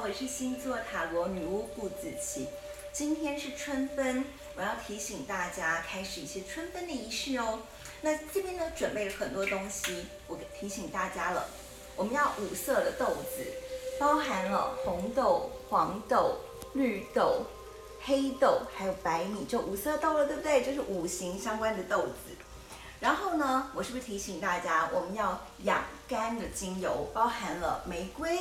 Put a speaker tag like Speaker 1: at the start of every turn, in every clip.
Speaker 1: 我是星座塔羅女巫傅子綺，今天是春分，我要提醒大家開始一些春分的儀式哦。那這邊呢，準備了很多東西，我給，提醒大家了，我們要五色的豆子，包含了紅豆、黃豆、綠豆、黑豆，還有白米，就五色豆了，對不對？就是五行相關的豆子。然後呢，我是不是提醒大家，我們要養肝的精油，包含了玫瑰。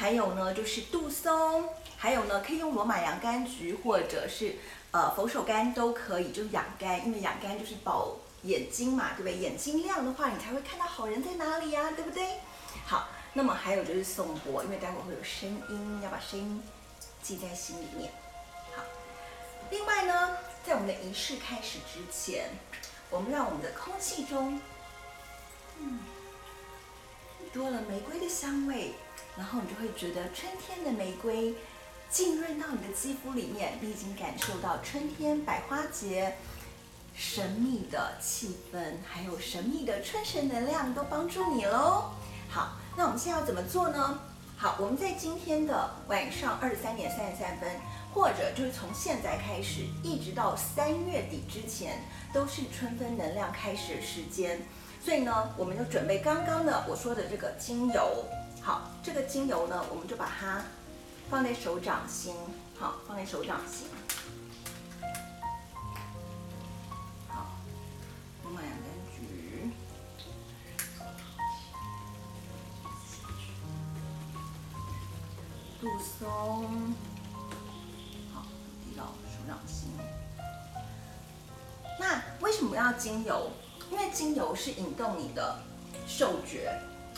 Speaker 1: 還有呢，就是杜松，還有呢，可以用羅馬洋甘菊或者是呃佛手柑都可以，就養、是、肝，因為養肝就是保眼睛嘛，對不對？眼睛亮的話，你才會看到好人在哪裡呀、啊，對不對？好，那麼還有就是頌缽，因為待會會有聲音，要把聲音記在心裡面。好，另外呢，在我們的儀式開始之前，我們讓我們的空氣中，嗯，多了玫瑰的香味。然後你就會覺得春天的玫瑰浸潤到你的肌膚裡面，你已經感受到春天百花節神秘的氣氛，還有神秘的春神能量都幫助你嘍。好，那我們現在要怎麼做呢？好，我們在今天的晚上二十三點三十三分，或者就是從現在開始一直到三月底之前，都是春分能量開始時間。所以呢，我們就準備剛剛的我說的這個精油。好，這個精油呢，我們就把它放在手掌心。好，放在手掌心。好，慢慢兩根橘。杜松。好，滴到手掌心。那為什麼要精油？因為精油是引動你的嗅覺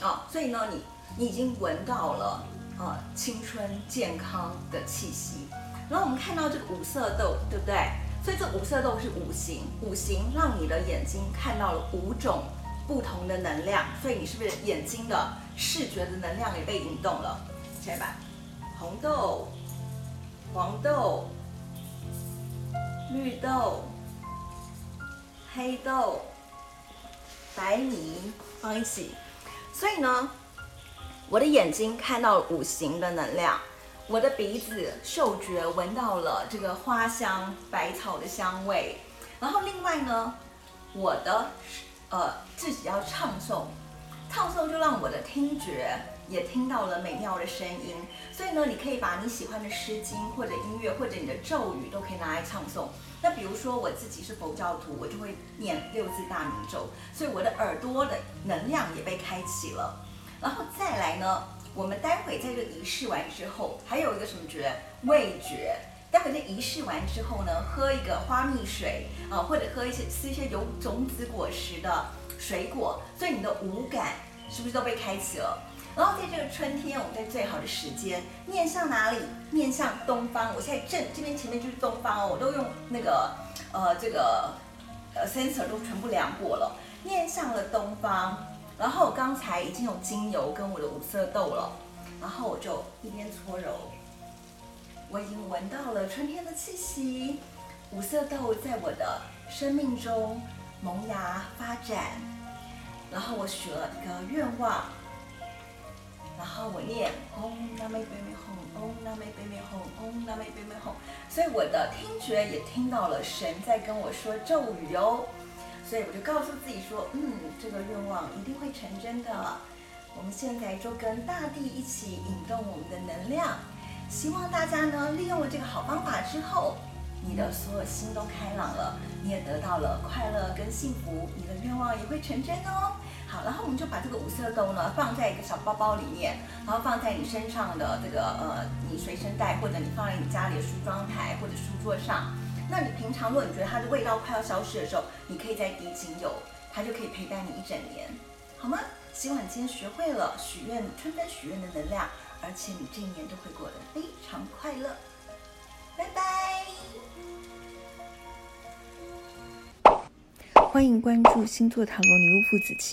Speaker 1: 啊、哦，所以呢，你你已經聞到了啊、哦、青春健康的氣息。然後我們看到這個五色豆，對不對？所以這五色豆是五行，五行讓你的眼睛看到了五種不同的能量，所以你是不是眼睛的視覺的能量也被引動了？現在吧，紅豆、黃豆、綠豆、黑豆。白米放一起，所以呢，我的眼睛看到了五行的能量，我的鼻子嗅覺聞到了這個花香、百草的香味，然後另外呢，我的呃自己要唱誦，唱誦就讓我的聽覺。也聽到了美妙的聲音，所以呢，你可以把你喜歡的詩經或者音樂或者你的咒語都可以拿來唱誦。那比如說我自己是佛教徒，我就會念六字大明咒，所以我的耳朵的能量也被開啟了。然後再來呢，我們待會在這個儀式完之後，還有一個什麼覺？味覺。待會在儀式完之後呢，喝一個花蜜水啊，或者喝一些吃一些有種子果實的水果，所以你的五感。是不是都被開啟了？然後在這個春天，我們在最好的時間，面向哪裡？面向東方。我現在正這邊前面就是東方哦，我都用那個呃這個呃 sensor 都全部量過了，面向了東方。然後我剛才已經有精油跟我的五色豆了，然後我就一邊搓揉，我已經聞到了春天的氣息，五色豆在我的生命中萌芽發展。然後我許了一個願望，然後我念嗡啦咪唄咪吽，嗡啦咪唄咪吽，嗡啦咪唄咪吽，所以我的聽覺也聽到了神在跟我說咒語喲、哦。所以我就告訴自己說，嗯，這個願望一定會成真的。我們現在就跟大地一起引動我們的能量，希望大家呢利用了這個好方法之後，你的所有心都開朗了，你也得到了快樂跟幸福，你的願望也會成真的哦。好，然後我們就把這個五色鈎呢，放在一個小包包裡面，然後放在你身上的這個呃，你隨身帶，或者你放在你家裡的梳妝台或者書桌上。那你平常如果你覺得它的味道快要消失的時候，你可以再滴精油，它就可以陪伴你一整年，好嗎？希望今天學會了許願春分許願的能量，而且你這一年都會過得非常快樂。拜拜，歡迎關注星座塔羅女巫傅子綺。